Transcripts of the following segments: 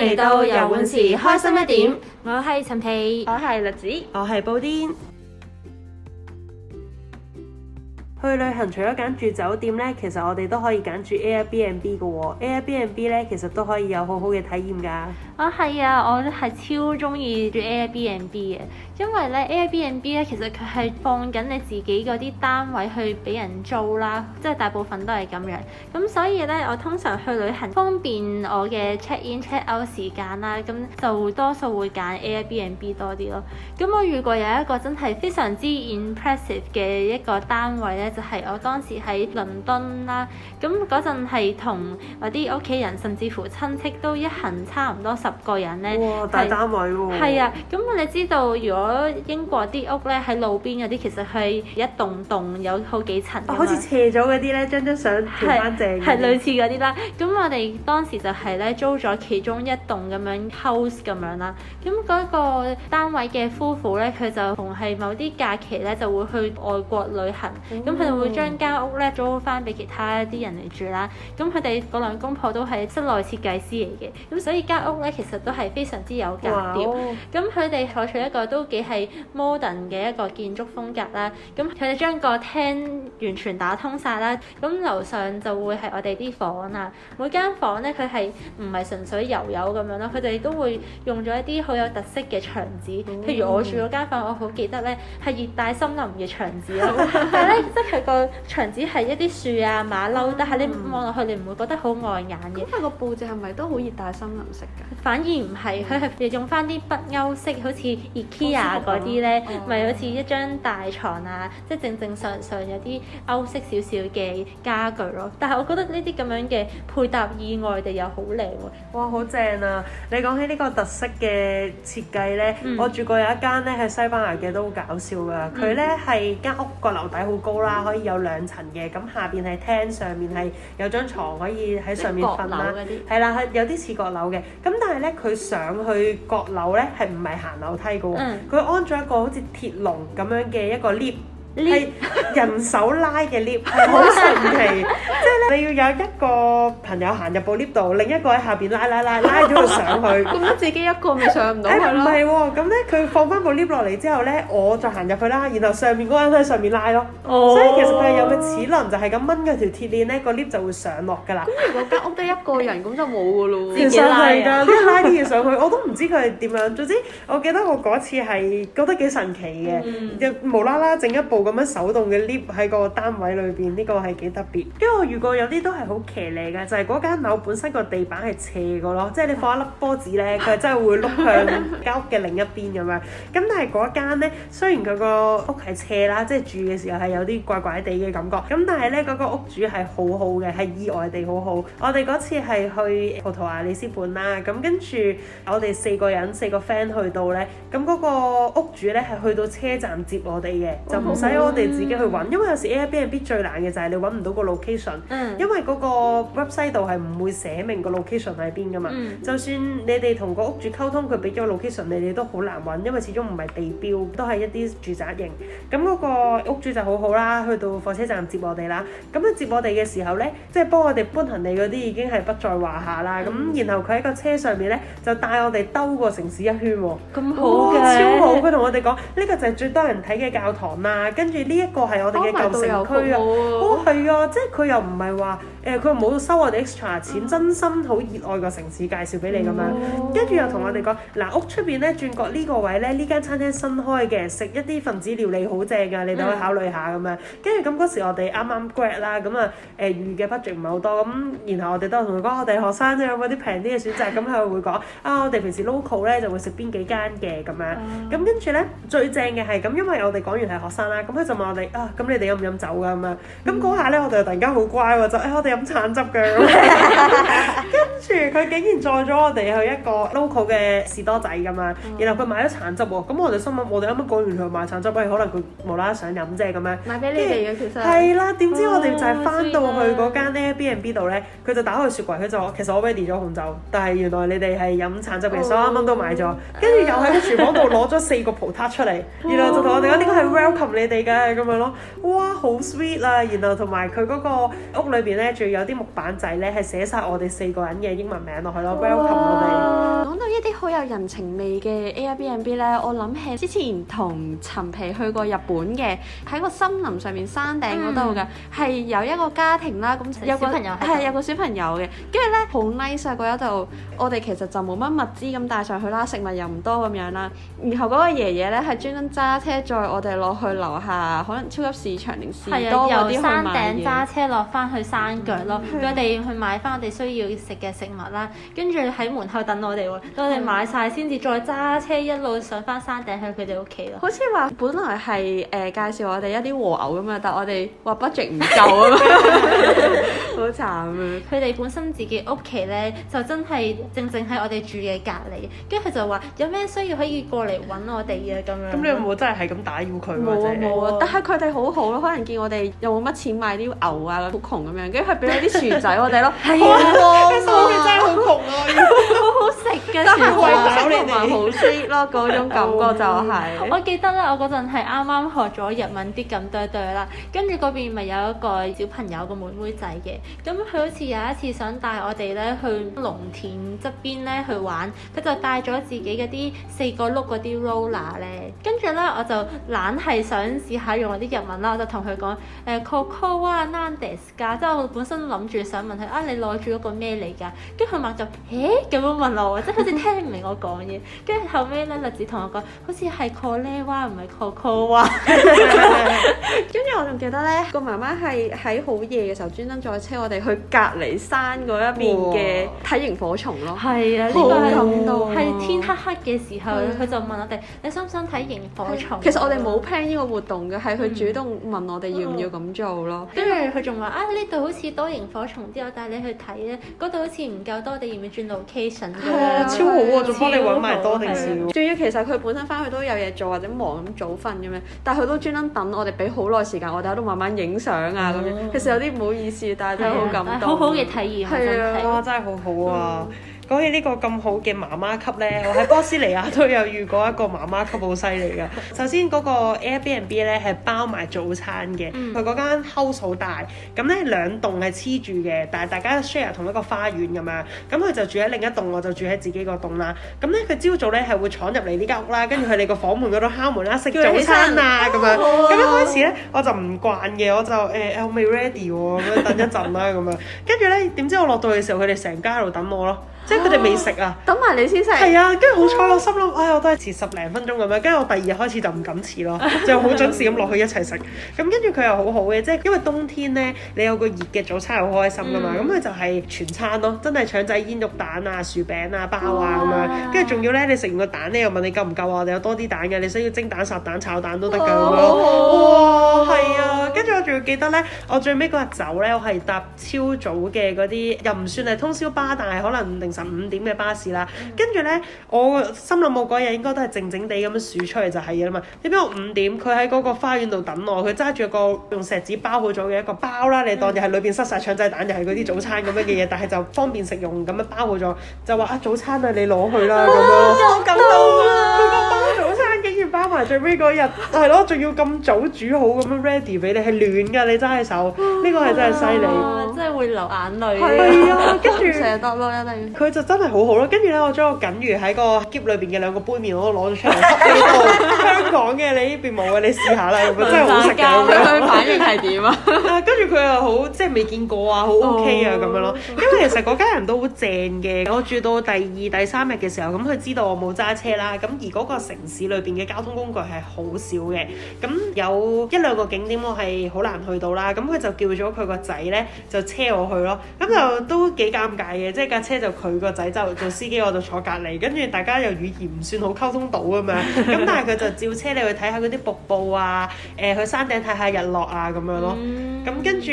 嚟到遊玩池，開心一點。我係陳皮，我係栗子，我係布丁。去旅行除咗揀住酒店呢，其實我哋都可以揀住 Airbnb 嘅喎。Airbnb 咧，其實都可以有好好嘅體驗噶。啊係、哦、啊，我係超中意住 Airbnb 嘅，因為咧 Airbnb 咧，其實佢係放緊你自己嗰啲單位去俾人租啦，即係大部分都係咁樣，咁所以咧，我通常去旅行方便我嘅 check in check out 時間啦，咁就多數會揀 Airbnb 多啲咯。咁我遇過有一個真係非常之 impressive 嘅一個單位咧，就係、是、我當時喺倫敦啦，咁陣係同我啲屋企人甚至乎親戚都一行差唔多十。十個人咧，哇是大單位喎、哦。係啊，咁我哋知道，如果英國啲屋咧喺路邊嗰啲，其實係一棟棟有好幾層、哦。好似斜咗嗰啲咧，將張相調翻正。係係類似嗰啲啦。咁 我哋當時就係咧租咗其中一棟咁樣 house 咁樣啦。咁、那、嗰個單位嘅夫婦咧，佢就同係某啲假期咧，就會去外國旅行。咁佢哋會將間屋咧租翻俾其他啲人嚟住啦。咁佢哋嗰兩公婆都係室內設計師嚟嘅。咁所以間屋咧。其實都係非常之有格調，咁佢哋採取一個都幾係 modern 嘅一個建築風格啦。咁佢哋將個廳完全打通晒啦，咁樓上就會係我哋啲房啊。每間房咧，佢係唔係純粹油油咁樣咯？佢哋都會用咗一啲好有特色嘅牆紙，譬如我住嗰間房，mm. 我好記得咧係熱帶森林嘅牆紙啦。 但係咧，即係佢個牆紙係一啲樹啊、馬騮，mm. 但係你望落去你唔會覺得好礙眼嘅。咁佢、嗯嗯、個佈置係咪都好熱帶森林式㗎？ 反而唔係，佢係用翻啲北歐式，好似 IKEA 嗰啲咧，咪好似一張大床啊，即係、oh. 正正常常有啲歐式少少嘅家具咯。但係我覺得呢啲咁樣嘅配搭意外地又好靚喎。哇，好正啊！你講起呢個特色嘅設計咧，嗯、我住過有一間咧喺西班牙嘅都好搞笑㗎。佢咧係間屋個樓底好高啦，嗯、可以有兩層嘅，咁下邊係廳，上面係有張床可以喺上面瞓啦、嗯。係啦，有啲似閣樓嘅。咁但因為咧，佢上去閣樓咧，係唔係行樓梯噶？佢安咗一個好似鐵籠咁樣嘅一個 lift。係人手拉嘅 lift，係好神奇，即係咧你要有一個朋友行入部 lift 度，另一個喺下邊拉拉拉拉咗佢上去。咁樣自己一個咪上唔到咯？唔係喎，咁咧佢放翻部 lift 落嚟之後咧，我就行入去啦，然後上面嗰個人喺上面拉咯。哦，所以其實佢係有個齒輪，就係咁掹嗰條鐵鏈咧，個 lift 就會上落㗎啦。咁如果間屋得一個人，咁就冇㗎咯喎。自己拉啊！一拉啲嘢上去，我都唔知佢係點樣。總之我記得我嗰次係覺得幾神奇嘅，又無啦啦整一部。咁樣手動嘅 lift 喺個單位裏邊，呢、這個係幾特別。因為我遇過有啲都係好騎呢嘅，就係、是、嗰間樓本身個地板係斜個咯，即係你放一粒波子咧，佢真係會碌向間屋嘅另一邊咁樣。咁但係嗰間咧，雖然佢個屋係斜啦，即、就、係、是、住嘅時候係有啲怪怪地嘅感覺。咁但係咧，嗰、那個屋主係好好嘅，係意外地好好。我哋嗰次係去葡萄牙里斯本啦，咁跟住我哋四個人四個 friend 去到咧，咁嗰個屋主咧係去到車站接我哋嘅，就唔我哋自己去揾，因為有時 Airbnb 最難嘅就係、是、你揾唔到個 location、嗯、因為嗰個 website 度係唔會寫明個 location 喺邊噶嘛。嗯、就算你哋同個屋主溝通，佢俾咗個 location，你哋都好難揾，因為始終唔係地標，都係一啲住宅型。咁嗰個屋主就好好啦，去到火車站接我哋啦。咁佢接我哋嘅時候呢，即、就、係、是、幫我哋搬行李嗰啲已經係不在話下啦。咁然後佢喺個車上面呢，就帶我哋兜過城市一圈。咁好嘅，超好！佢同我哋講，呢、這個就係最多人睇嘅教堂啦。跟住呢一個係我哋嘅舊城區啊。哦係啊，即係佢又唔係話。誒佢冇收我哋 extra 錢，真心好熱愛個城市介紹俾你咁樣，跟住又同我哋講嗱，屋出邊咧，轉角呢個位咧，呢間餐廳新開嘅，食一啲分子料理好正噶，啊，你哋可以考慮下咁樣。跟住咁嗰時我哋啱啱 grad 啦，咁啊誒預嘅 budget 唔係好多，咁然後我哋都同佢講我哋學生有冇啲平啲嘅選擇？咁佢 會講啊我哋平時 local 咧就會食邊幾間嘅咁樣，咁跟住咧最正嘅係咁，因為我哋講完係學生啦，咁佢就問我哋啊咁你哋飲唔飲酒㗎咁樣，咁嗰下咧我哋突然間好乖喎，就、哎飲橙汁嘅，跟住佢竟然載咗我哋去一個 local 嘅士多仔咁樣，然後佢買咗橙汁喎，咁我哋心諗我哋啱啱講完佢買橙汁，係可能佢無啦啦想飲啫咁樣，買俾你哋嘅其實係啦，點知我哋就係翻到去嗰間咧 B and B 度咧，佢就打開雪櫃，佢就話其實我俾咗紅酒，但係原來你哋係飲橙汁嘅，所以啱啱都買咗，跟住又喺廚房度攞咗四個葡撻出嚟，然後就同我哋講呢個係 welcome 你哋嘅咁樣咯，哇好 sweet 啊，然後同埋佢嗰個屋裏邊咧。仲有啲木板仔咧，係寫晒我哋四個人嘅英文名落去咯，welcome 哇我哋們。講到一啲好有人情味嘅 Airbnb 咧，我諗起之前同陳皮去過日本嘅，喺個森林上面山頂嗰度㗎，係、嗯、有一個家庭啦，咁有個係有個小朋友嘅，跟住咧好 nice，嗰一度我哋其實就冇乜物資咁帶上去啦，食物又唔多咁樣啦。然後嗰個爺爺咧係專登揸車載我哋落去樓下，可能超級市場定士多嗰啲去買嘢。係啊，由的山頂揸車落翻去，去山。咯，佢哋去買翻我哋需要食嘅食物啦，跟住喺門口等我哋喎，等我哋買晒先至再揸車一路上翻山頂去佢哋屋企咯。好似話本來係誒、呃、介紹我哋一啲和牛咁樣，但係我哋話 budget 唔夠啊嘛，好 慘啊！佢哋本身自己屋企咧就真係正正喺我哋住嘅隔離，跟住佢就話有咩需要可以過嚟揾我哋啊咁樣。咁你冇真係係咁打擾佢？冇冇啊！但係佢哋好好咯，可能見我哋又冇乜錢買啲牛啊，好窮咁樣，俾 我啲薯仔我哋咯，係啊！喺嗰哇真係好紅啊，哇哇好好食嘅薯啊，同埋好 sweet 咯，嗰你種感覺就係、是嗯。我記得咧，我嗰陣係啱啱學咗日文啲咁多對對啦，跟住嗰邊咪有一個小朋友個妹妹仔嘅，咁佢好似有一次想帶我哋咧去農田側邊咧去玩，佢就帶咗自己嗰啲四個轆嗰啲 roller 咧，跟住咧我就懶係想試下用啲日文啦，我就同佢講誒 Coco 啊，Nandesuka，即係我本身。真諗住想問佢啊，你攞住嗰個咩嚟㗎？跟住佢媽就誒咁樣問我，即係好似聽唔明我講嘢。跟住後尾咧，栗子同我講，好似係 Cola One 唔係 Coca One。跟住 我仲記得咧，個媽媽係喺好夜嘅時候，專登再車我哋去隔離山嗰一邊嘅睇螢火蟲咯。係哇 啊，呢個係天黑黑嘅時候，佢、嗯、就問我哋：你想唔想睇螢火蟲？其實我哋冇 plan 呢個活動嘅，係佢主動問我哋要唔要咁做咯。跟住佢仲話啊，呢、嗯、度好似。多螢火蟲之後帶你去睇咧，嗰度好似唔夠多地，你要唔要轉 location 咧？係啊，超好喎，啊，仲幫你揾埋多定少。仲要其實佢本身翻去都有嘢做或者忙咁早瞓咁樣，但係佢都專登等我哋俾好耐時間，我哋喺度慢慢影相啊咁樣。哦，其實有啲唔好意思，但係都好感動。啊，好好嘅體驗，係啊，真係好好啊！嗯講起呢個咁好嘅媽媽級呢，我喺波斯尼亞都有遇過一個媽媽級好犀利嘅。首先嗰、那個 Airbnb 咧係包埋早餐嘅，佢嗰、嗯、間 house 好大，咁呢兩棟係黐住嘅，但係大家 share 同一個花園咁樣。咁佢就住喺另一棟，我就住喺自己個棟啦。咁呢，佢朝早呢係會闖入嚟呢間屋啦，跟住喺你個房門嗰度敲門啦，食早餐啊咁樣。咁一、哦、開始呢，我就唔慣嘅，我就誒、欸，我未 ready 喎，咁樣等一陣啦咁樣。跟住呢，點知我落到去嘅時候，佢哋成家喺度等我咯。即係佢哋未食啊，等埋你先食。係啊，跟住好彩、啊、我心諗，哎，我都係遲十零分鐘咁樣。跟住我第二日開始就唔敢遲咯，就好準時咁落去一齊食。咁跟住佢又好好嘅，即係因為冬天咧，你有個熱嘅早餐好開心噶嘛。咁佢、嗯、就係全餐咯，真係腸仔、煙肉蛋啊、薯餅啊、包啊咁樣。跟住仲要咧，你食完個蛋咧，又問你夠唔夠啊？我哋有多啲蛋嘅，你想要蒸蛋、烚蛋、炒蛋都得㗎。哇，係啊！跟住我仲要記得咧，我最尾嗰日走咧，我係搭超早嘅嗰啲，又唔算係通宵巴，但係可能十五點嘅巴士啦，跟住呢，我心諗冇鬼嘢，應該都係靜靜地咁樣數出嚟就係嘅嘛。點知我五點，佢喺嗰個花園度等我，佢揸住個用錫紙包好咗嘅一個包啦，你當就係裏邊塞晒腸仔蛋，又係嗰啲早餐咁樣嘅嘢，但係就方便食用咁樣包好咗，就話啊早餐啊，你攞去啦咁樣。啊，我好感動啊。最尾嗰日係咯，仲、啊、要咁早煮好咁樣 ready 俾你，係暖㗎，你揸起手，呢、啊、個係真係犀利，真係會流眼淚。係啊，跟住成日得咯一定。佢就真係好好咯，跟住咧，我將個緊魚喺個篋裏邊嘅兩個杯麪我都攞咗出嚟， 香港嘅，你呢邊冇啊？你試下啦， 真係好食嘅。 係點啊？跟住佢又好，即係未見過啊，好 OK 啊咁樣咯。因為其實嗰家人都好正嘅。我住到第二、第三日嘅時候，咁佢知道我冇揸車啦。咁而嗰個城市裏面嘅交通工具係好少嘅。咁有一兩個景點我係好難去到啦。咁佢就叫咗佢個仔呢，就車我去咯。咁就都幾尷尬嘅，即係架車就佢個仔就做司機，我就坐隔離。跟住大家又語言唔算好溝通到咁嘛。咁但係佢就照車你去睇下嗰啲瀑布啊，誒、呃，去山頂睇下日落啊。啊咁樣咯，咁、嗯嗯、跟住，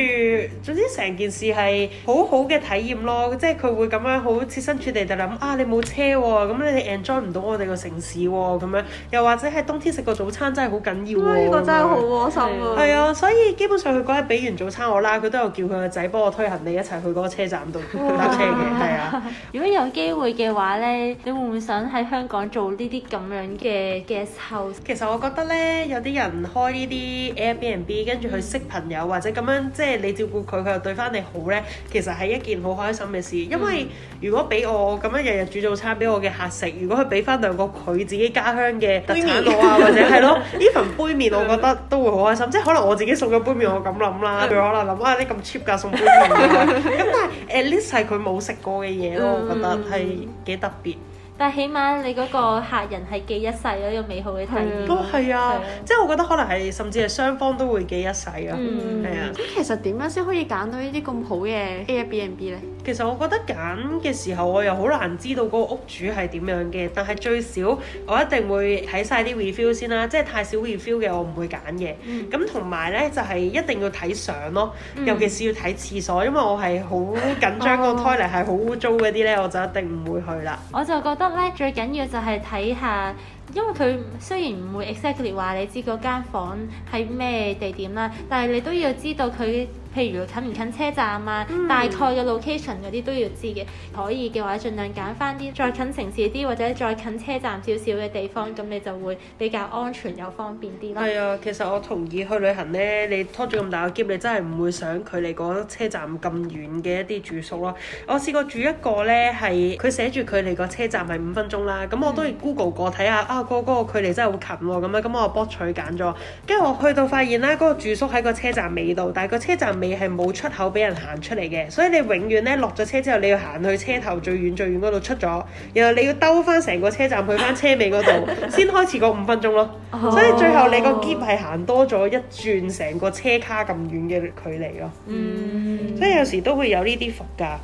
總之成件事係好好嘅體驗咯，即係佢會咁樣好切身處地就諗啊，你冇車喎、啊，咁你哋 enjoy 唔到我哋個城市喎、啊，咁樣又或者喺冬天食個早餐真係好緊要呢、啊、個真係好窩心啊，係啊對，對所以基本上佢嗰日俾完早餐我啦，佢都有叫佢個仔幫我推行你一齊去嗰個車站度搭車嘅，係啊哇。 如果有機會嘅話呢，你會唔會想喺香港做呢啲咁樣嘅 g u e 其實我覺得呢，有啲人開呢啲 Air B n B，跟住識朋友或者咁樣，即係你照顧佢，佢又對翻你好咧，其實係一件好開心嘅事。因為如果俾我咁樣日日煮早餐俾我嘅客食，如果佢俾翻兩個佢自己家鄉嘅特產我啊，或者係咯呢份杯麵，我覺得都會好開心。 即係可能我自己送咗杯麵，我咁諗啦，佢可能諗啊，啲咁 cheap 噶送杯麵。咁 但係誒，At least 係佢冇食過嘅嘢咯，我覺得係幾特別。但係起碼你嗰個客人係記一世嗰個美好嘅體驗，都係啊！的即係我覺得可能係甚至係雙方都會記一世噶，係啊！咁其實點樣先可以揀到呢啲咁好嘅 Airbnb 咧？其實我覺得揀嘅時候，我又好難知道嗰個屋主係點樣嘅。但係最少我一定會睇晒啲 review 先啦，即係太少 review 嘅我唔會揀嘅。咁同埋呢就係一定要睇相咯，尤其是要睇廁所，因為我係好緊張個胎嚟係好污糟嗰啲呢，我就一定唔會去啦。我就覺得呢最緊要就係睇下。因為佢雖然唔會 exactly 話你知嗰間房係咩地點啦，但係你都要知道佢，譬如近唔近車站啊？嗯、大概嘅 location 嗰啲都要知嘅。可以嘅話，盡量揀翻啲再近城市啲或者再近車站少少嘅地方，咁你就會比較安全又方便啲咯。係啊、嗯，其實我同意去旅行呢，你拖住咁大個行李，你真係唔會想距離嗰車站咁遠嘅一啲住宿咯。我試過住一個呢，係，佢寫住距離個車站係五分鐘啦，咁我都係 Google 過睇下啊嗰個嗰距離真係好近喎，咁啊咁我搏取揀咗，跟住我去到發現咧，嗰個住宿喺個車站尾度，但係個車站尾係冇出口俾人行出嚟嘅，所以你永遠咧落咗車之後，你要行去車頭最遠最遠嗰度出咗，然後你要兜翻成個車站去翻車尾嗰度先開始個五分鐘咯， 所以最後你個 gap 係行多咗一轉成個車卡咁遠嘅距離咯，嗯、所以有時都會有呢啲伏㗎。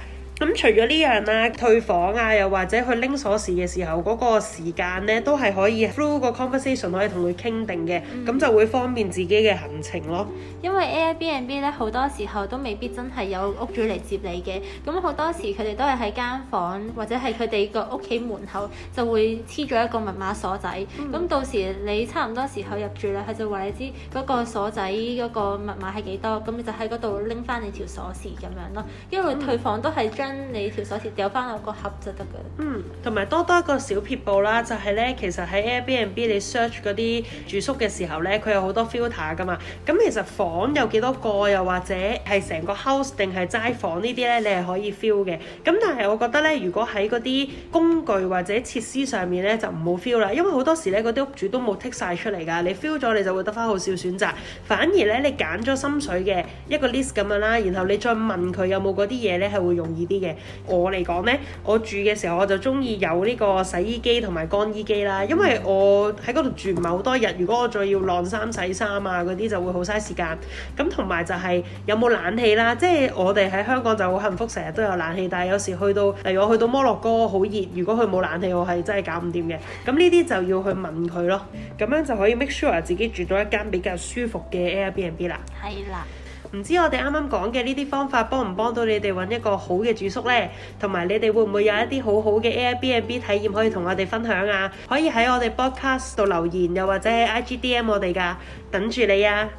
咁除咗呢樣啦，退房啊，又或者去拎鎖匙嘅時候，嗰個時間咧都係可以 through 個 conversation 可以同佢傾定嘅，咁、嗯、就會方便自己嘅行程咯。因為 Airbnb 咧好多時候都未必真係有屋主嚟接你嘅，咁好多時佢哋都係喺間房或者係佢哋個屋企門口就會黐咗一個密碼鎖仔，咁、嗯、到時你差唔多時候入住啦，佢就話你知個鎖仔個密碼係幾多，咁你就喺度拎翻你條鎖匙咁樣咯。因為退房都係將、嗯。嗯你條鎖匙掉翻落個盒就得㗎。嗯，同埋多多一個小撇步啦，就係、是、咧，其實喺 Airbnb 你 search 嗰啲住宿嘅時候咧，佢有好多 filter 㗎嘛。咁、嗯、其實房有幾多個，又或者係成個 house 定係齋房呢啲咧，你係可以 feel 嘅。咁但係我覺得咧，如果喺嗰啲工具或者設施上面咧，就唔好 feel 啦，因為好多時咧嗰啲屋主都冇剔晒出嚟㗎。你 feel 咗你就會得翻好少選擇，反而咧你揀咗心水嘅一個 list 咁樣啦，然後你再問佢有冇嗰啲嘢咧，係會容易啲。嘅，我嚟講呢，我住嘅時候我就中意有呢個洗衣機同埋乾衣機啦，因為我喺嗰度住唔係好多日，如果我仲要晾衫洗衫啊嗰啲就會好嘥時間。咁同埋就係有冇冷氣啦，即係我哋喺香港就好幸福，成日都有冷氣，但係有時去到，例如我去到摩洛哥好熱，如果佢冇冷氣，我係真係搞唔掂嘅。咁呢啲就要去問佢咯，咁樣就可以 make sure 自己住到一間比較舒服嘅 Airbnb 啦。係啦。唔知我哋啱啱講嘅呢啲方法幫唔幫到你哋搵一個好嘅住宿呢？同埋你哋會唔會有一啲好好嘅 Airbnb 體驗可以同我哋分享啊？可以喺我哋 Podcast 度留言，又或者係 IGDM 我哋㗎，等住你啊！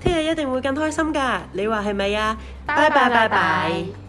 聽日 一定會更開心㗎，你話係咪啊？拜拜拜拜。 bye bye bye bye bye.